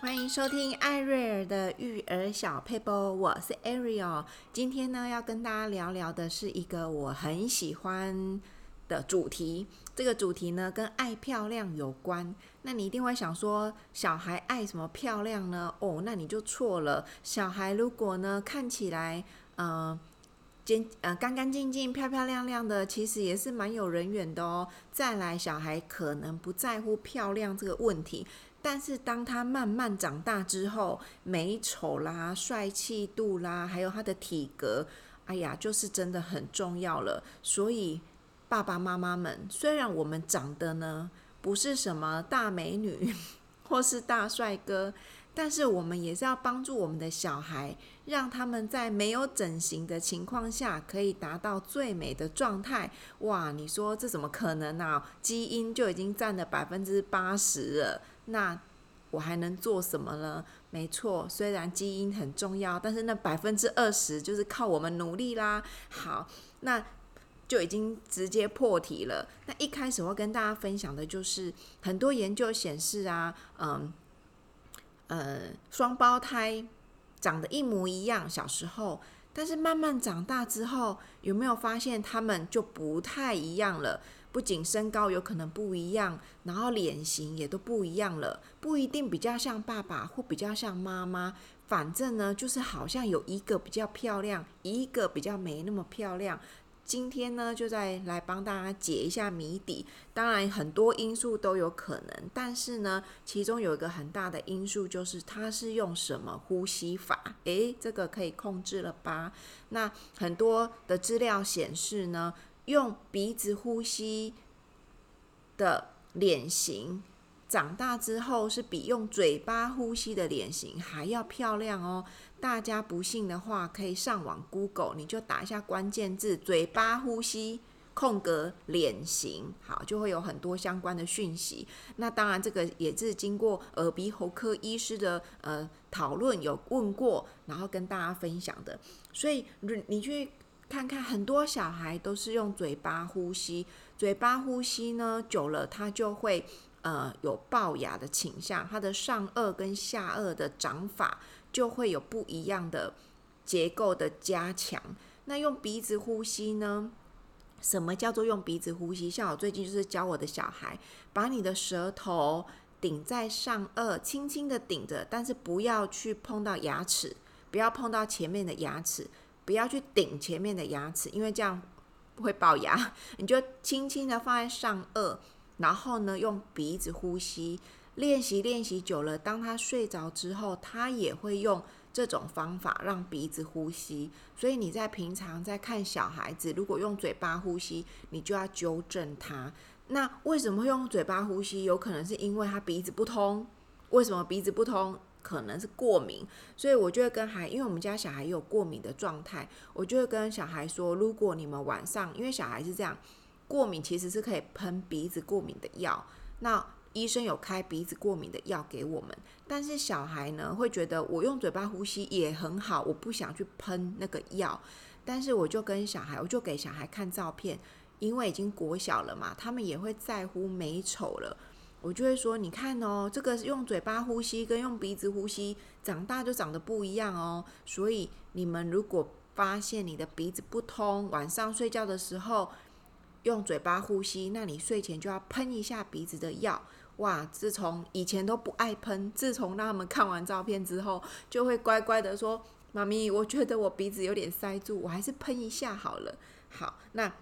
歡迎收聽艾瑞爾的育兒小 paper，我是艾瑞爾。今天呢，要跟大家聊聊的是一個我很喜歡的主題。這個主題呢，跟愛漂亮有關。那你一定會想說，小孩愛什麼漂亮呢？哦，那你就錯了。小孩如果呢，看起來，嗯、呃，潔，呃，乾乾淨淨、漂漂亮亮的，其實也是蠻有人緣的哦。再來，小孩可能不在乎漂亮這個問題。但是當他慢慢長大之後，美醜啦、帥氣度啦，還有他的體格，哎呀，就是真的很重要了。所以爸爸媽媽們，雖然我們長得呢不是什麼大美女或是大帥哥，但是我們也是要幫助我們的小孩，讓他們在沒有整形的情況下，可以達到最美的狀態。哇，你說這怎麼可能呢、啊？基因就已經佔了百分之八十了。那我還能做什麼呢？沒錯，雖然基因很重要，但是那百分之二十就是靠我們努力啦。好，那就已經直接破題了。那一開始我跟大家分享的就是，很多研究顯示啊，嗯，呃、嗯，雙胞胎長得一模一樣，小時候，但是慢慢長大之後，有沒有發現他們就不太一樣了？不僅身高有可能不一樣，然後臉型也都不一樣了，不一定比較像爸爸或比較像媽媽，反正呢就是好像有一個比較漂亮，一個比較沒那麼漂亮。今天呢，就再來幫大家解一下謎底。當然，很多因素都有可能，但是呢，其中有一個很大的因素就是他是用什麼呼吸法？誒，這個可以控制了吧？那很多的資料顯示呢。用鼻子呼吸的臉型，長大之後是比用嘴巴呼吸的臉型還要漂亮哦。大家不信的話，可以上網 Google，你就打一下關鍵字“嘴巴呼吸”空格臉型，好，就會有很多相關的訊息。那當然，這個也是經過耳鼻喉科醫師的呃討論，有問過，然後跟大家分享的。所以你去。看看很多小孩都是用嘴巴呼吸，嘴巴呼吸呢久了，他就會呃有齙牙的傾向，他的上顎跟下顎的長法就會有不一樣的結構的加強。那用鼻子呼吸呢？什麼叫做用鼻子呼吸？像我最近就是教我的小孩，把你的舌頭頂在上顎，輕輕的頂着，但是不要去碰到牙齒，不要碰到前面的牙齒。不要去頂前面的牙齒，因為這樣會爆牙。你就輕輕的放在上顎，然後呢，用鼻子呼吸。練習練習久了，當他睡着之後，他也會用這種方法讓鼻子呼吸。所以你在平常在看小孩子，如果用嘴巴呼吸，你就要糾正他。那為什麼會用嘴巴呼吸？有可能是因為他鼻子不通。為什麼鼻子不通？可能是過敏，所以我就會跟孩，因為我們家小孩有過敏的狀態，我就會跟小孩說，如果你們晚上，因為小孩是這樣，過敏其實是可以噴鼻子過敏的藥，那醫生有開鼻子過敏的藥給我們，但是小孩呢會覺得我用嘴巴呼吸也很好，我不想去噴那個藥，但是我就跟小孩，我就給小孩看照片，因為已經國小了嘛，他們也會在乎美醜了。我就會說，你看哦，這個是用嘴巴呼吸跟用鼻子呼吸，長大就長得不一樣哦。所以你們如果發現你的鼻子不通，晚上睡覺的時候用嘴巴呼吸，那你睡前就要噴一下鼻子的藥。哇，自從以前都不愛噴，自從他們看完照片之後，就會乖乖的說：“媽咪，我覺得我鼻子有點塞住，我還是噴一下好了。”好，那。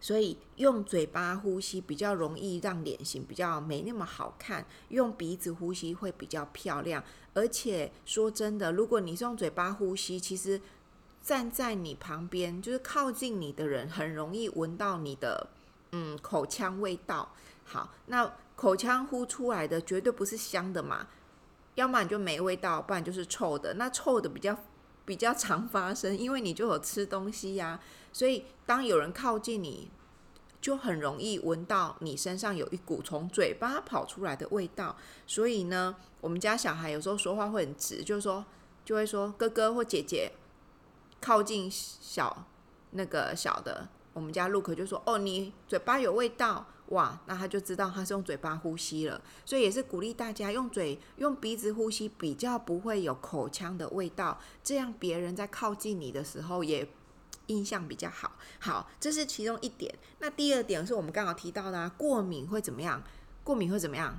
所以用嘴巴呼吸比較容易讓臉型比較沒那麼好看，用鼻子呼吸會比較漂亮。而且說真的，如果你是用嘴巴呼吸，其實站在你旁邊就是靠近你的人，很容易聞到你的嗯，口腔味道。好，那口腔呼出來的絕對不是香的嘛，要麼你就沒味道，不然就是臭的。那臭的比較比較常發生，因為你就有吃東西呀、啊。所以，當有人靠近你，就很容易聞到你身上有一股從嘴巴跑出來的味道。所以呢，我們家小孩有時候說話會很直，就是說就會說哥哥或姐姐靠近小那個小的，我們家 Luke 就說：“哦，你嘴巴有味道哇！”那他就知道他是用嘴巴呼吸了。所以也是鼓勵大家用嘴用鼻子呼吸，比較不會有口腔的味道。這樣別人在靠近你的時候也，印象比較好，好，這是其中一點。那第二點是我們剛好提到的啊，過敏會怎麼樣？過敏會怎麼樣？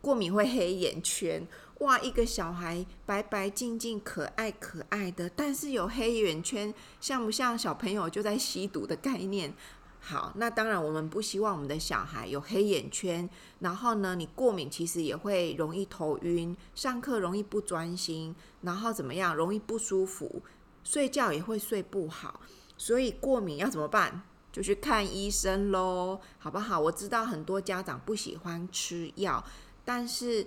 過敏會黑眼圈。哇，一個小孩白白淨淨、可愛可愛的，但是有黑眼圈，像不像小朋友就在吸毒的概念？好，那當然我們不希望我們的小孩有黑眼圈。然後呢，你過敏其實也會容易頭暈，上課容易不專心，然後怎麼樣？容易不舒服，睡覺也會睡不好。所以過敏要怎麼辦？就去看醫生咯。好不好？我知道很多家長不喜歡吃藥，但是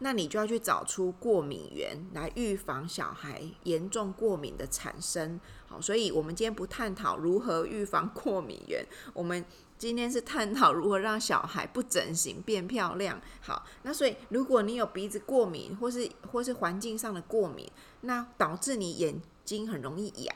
那你就要去找出過敏源來預防小孩嚴重過敏的產生。好，所以我們今天不探討如何預防過敏源，我們今天是探討如何讓小孩不整形變漂亮。好，那所以如果你有鼻子過敏，或是或是環境上的過敏，那導致你眼睛很容易癢。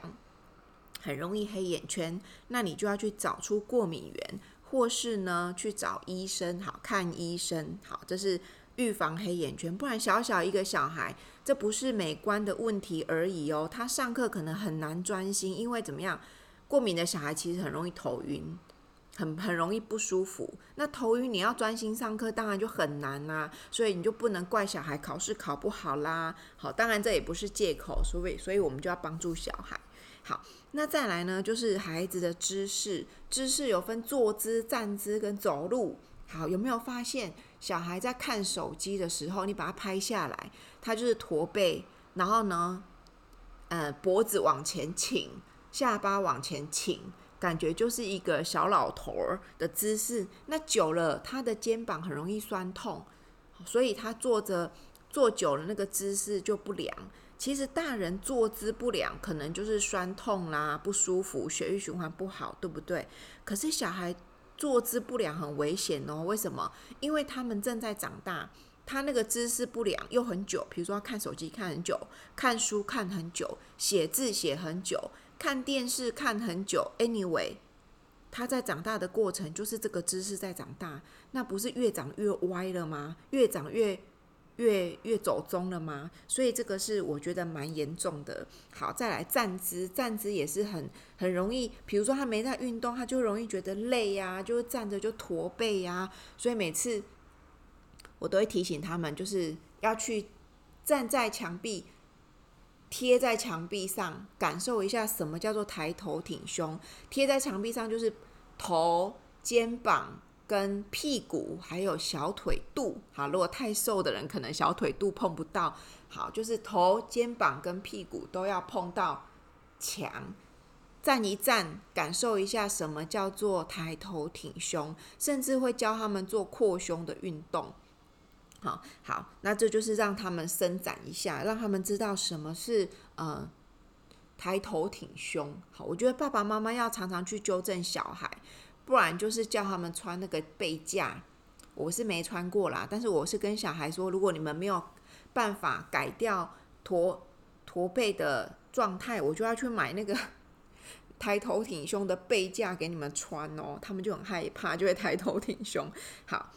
很容易黑眼圈，那你就要去找出過敏源，或是呢去找醫生，好，看醫生。好，這是預防黑眼圈。不然小小一個小孩，這不是美觀的問題而已哦。他上課可能很難專心，因為怎麼樣？過敏的小孩其實很容易頭暈，很很容易不舒服。那頭暈你要專心上課，當然就很難啦。所以你就不能怪小孩考試考不好啦。好，當然這也不是借口，所以所以我們就要幫助小孩。好，那再來呢，就是孩子的姿勢，姿勢有分坐姿、站姿跟走路。好，有沒有發現小孩在看手機的時候，你把它拍下來，他就是駝背，然後呢，呃，脖子往前傾，下巴往前傾，感覺就是一個小老頭兒的姿勢。那久了，他的肩膀很容易酸痛，所以他坐着坐久了，那個姿勢就不良。其實大人坐姿不良，可能就是酸痛啦、不舒服、血液循環不好，對不對？可是小孩坐姿不良很危險哦。為什麼？因為他們正在長大，他那個姿勢不良又很久，比如說看手機看很久、看書看很久、寫字寫很久、看電視看很久。Anyway，他在長大的過程就是這個姿勢在長大，那不是越長越歪了嗎？越長越……越越走中了嗎？所以這個是我覺得蠻嚴重的。好，再來站姿，站姿也是很很容易，比如說他沒在運動，他就容易覺得累呀、啊，就會站着就駝背呀、啊。所以每次我都會提醒他們，就是要去站在牆壁，貼在牆壁上，感受一下什麼叫做抬頭挺胸。貼在牆壁上就是頭、肩膀。跟屁股還有小腿肚，好，如果太瘦的人可能小腿肚碰不到，好，就是頭、肩膀、跟屁股都要碰到牆，站一站，感受一下什麼叫做抬頭挺胸，甚至會教他們做擴胸的運動。好好，那這就是讓他們伸展一下，讓他們知道什麼是嗯、呃，抬頭挺胸。好，我覺得爸爸媽媽要常常去糾正小孩。不然就是叫他們穿那個背架，我是沒穿過啦。但是我是跟小孩說，如果你們沒有辦法改掉駝駝背的狀態，我就要去買那個抬頭挺胸的背架給你們穿哦。他們就很害怕，就會抬頭挺胸。好，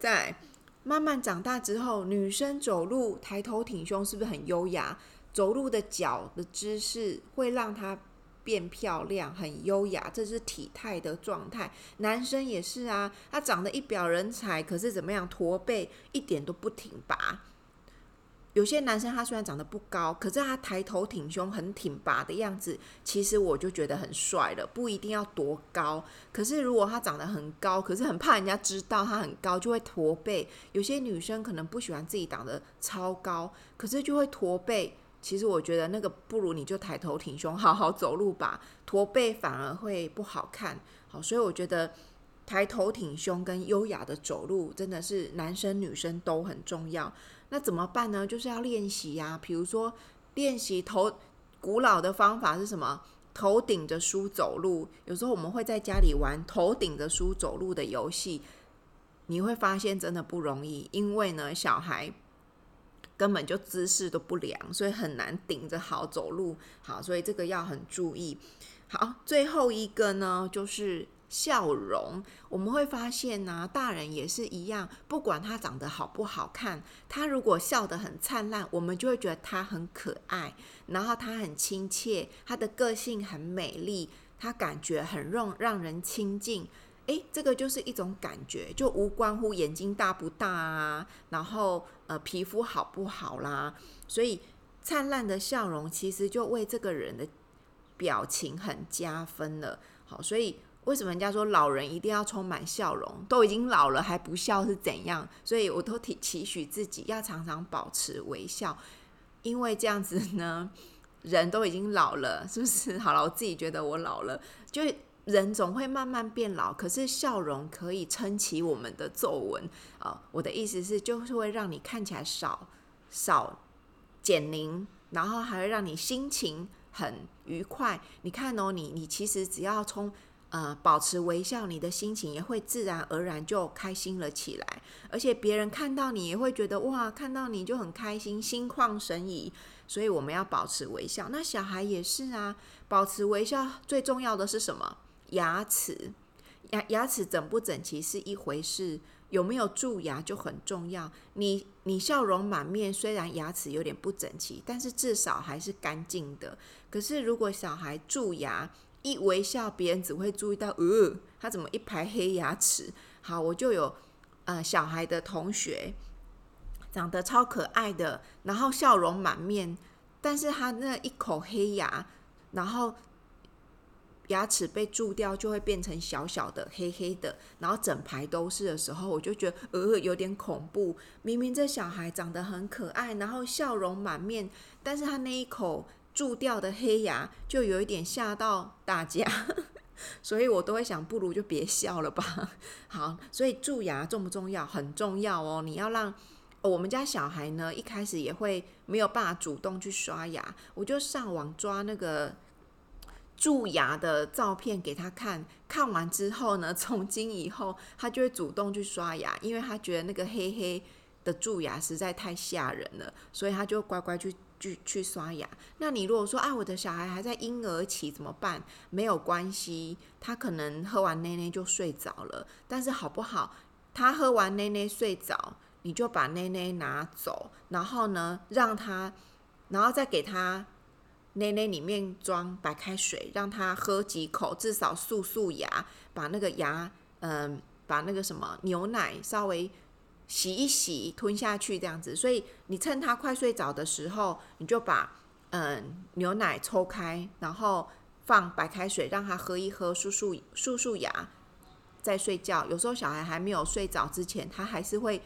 在慢慢長大之後，女生走路抬頭挺胸是不是很優雅？走路的腳的姿勢會讓她。變漂亮，很優雅，這是體態的狀態。男生也是啊，他長得一表人才，可是怎麼樣，駝背，一點都不挺拔。有些男生他雖然長得不高，可是他抬頭挺胸，很挺拔的樣子，其實我就覺得很帥了，不一定要多高。可是如果他長得很高，可是很怕人家知道他很高，就會駝背。有些女生可能不喜歡自己長得超高，可是就會駝背。其實我覺得那個不如你就抬頭挺胸好好走路吧，駝背反而會不好看。好，所以我覺得抬頭挺胸跟優雅的走路真的是男生女生都很重要。那怎麼辦呢？就是要練習呀、啊。比如說練習頭，古老的方法是什麼？頭頂着書走路。有時候我們會在家裡玩頭頂着書走路的遊戲，你會發現真的不容易，因為呢，小孩。根本就姿勢都不良，所以很難頂着好走路。好，所以這個要很注意。好，最後一個呢，就是笑容。我們會發現呢，大人也是一樣，不管他長得好不好看，他如果笑得很燦爛，我們就會覺得他很可愛，然後他很親切，他的個性很美麗，他感覺很讓讓人親近。誒，這個就是一種感覺，就無關乎眼睛大不大啊，然後呃皮膚好不好啦，所以燦爛的笑容其實就為這個人的表情很加分了。好，所以為什麼人家說老人一定要充滿笑容，都已經老了還不笑是怎樣？所以我都提，期許自己要常常保持微笑，因為這樣子呢，人都已經老了，是不是？好了，我自己覺得我老了，就。人總會慢慢變老，可是笑容可以撐起我們的皺紋。呃，我的意思是，就是會讓你看起來少少減齡，然後還會讓你心情很愉快。你看哦，你你其實只要從呃保持微笑，你的心情也會自然而然就開心了起來，而且別人看到你也會覺得哇，看到你就很開心，心曠神怡。所以我們要保持微笑，那小孩也是啊，保持微笑最重要的是什麼？牙齒牙牙齒整不整齊是一回事，有沒有蛀牙就很重要。你你笑容滿面，雖然牙齒有點不整齊，但是至少還是乾淨的。可是如果小孩蛀牙，一微笑別人只會注意到，呃，他怎麼一排黑牙齒？好，我就有呃，小孩的同學長得超可愛的，然後笑容滿面，但是他那一口黑牙，然後。牙齒被蛀掉就會變成小小的黑黑的，然後整排都是的時候，我就覺得、呃、有點恐怖。明明這小孩長得很可愛，然後笑容滿面，但是他那一口蛀掉的黑牙就有一點嚇到大家， 所以我都會想，不如就別笑了吧。好，所以蛀牙重不重要？很重要哦。你要讓、哦、我們家小孩呢，一開始也會沒有辦法主動去刷牙，我就上網抓那個。蛀牙的照片給他看，看完之後呢，從今以後他就會主動去刷牙，因為他覺得那個黑黑的蛀牙實在太嚇人了，所以他就乖乖去去去刷牙。那你如果說啊，我的小孩還在嬰兒期怎麼辦？沒有關係，他可能喝完奶奶就睡着了，但是好不好？他喝完奶奶睡着，你就把奶奶拿走，然後呢，讓他，然後再給他。奶奶裡面裝白開水，讓他喝幾口，至少漱漱牙，把那個牙，嗯，把那個什麼牛奶稍微洗一洗，吞下去這樣子。所以你趁他快睡着的時候，你就把嗯牛奶抽開，然後放白開水讓他喝一喝漱漱，漱漱漱漱牙，再睡覺。有時候小孩還沒有睡着之前，他還是會。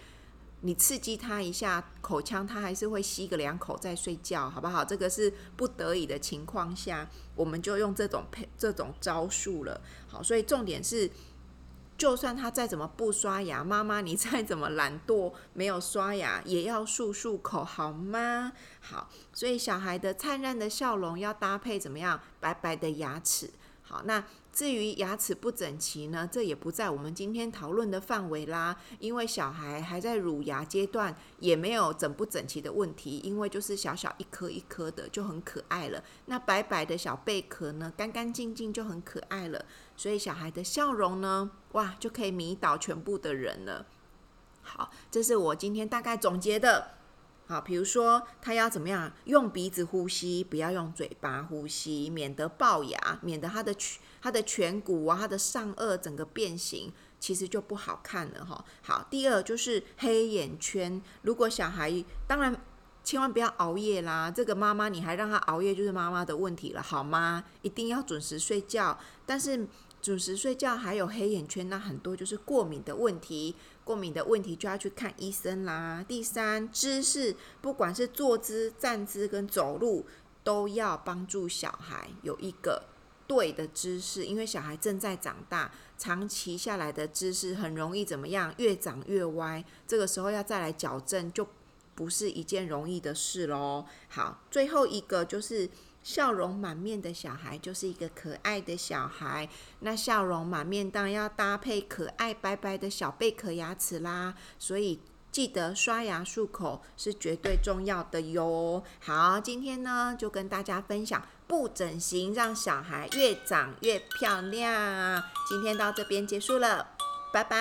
你刺激他一下口腔，他還是會吸個兩口再睡覺，好不好？這個是不得已的情況下，我們就用這種配這種招數了。好，所以重點是，就算他再怎麼不刷牙，媽媽你再怎麼懶惰，沒有刷牙，也要漱漱口，好嗎？好，所以小孩的燦爛的笑容要搭配怎麼樣？白白的牙齒。好，那至於牙齒不整齊呢？這也不在我們今天討論的範圍啦，因為小孩還在乳牙階段，也沒有整不整齊的問題，因為就是小小一顆一顆的就很可愛了。那白白的小貝殼呢，乾乾淨淨就很可愛了。所以小孩的笑容呢，哇，就可以迷倒全部的人了。好，這是我今天大概總結的。好，比如說他要怎麼樣？用鼻子呼吸，不要用嘴巴呼吸，免得龅牙，免得他的顴、他的顴骨啊、他的上顎整個變形，其實就不好看了哈。好，第二就是黑眼圈，如果小孩當然千萬不要熬夜啦，這個媽媽你還讓他熬夜，就是媽媽的問題了，好嗎？一定要準時睡覺，但是準時睡覺還有黑眼圈，那很多就是過敏的問題。過敏的問題就要去看醫生啦。第三，姿勢，不管是坐姿、站姿跟走路，都要幫助小孩有一個對的姿勢，因為小孩正在長大，長期下來的姿勢很容易怎麼樣，越長越歪。這個時候要再來矯正，就不是一件容易的事嘍。好，最後一個就是。笑容滿面的小孩就是一個可愛的小孩，那笑容滿面當然要搭配可愛白白的小貝殼牙齒啦，所以記得刷牙漱口是絕對重要的喲。好，今天呢就跟大家分享不整形讓小孩越長越漂亮。今天到這邊結束了，拜拜。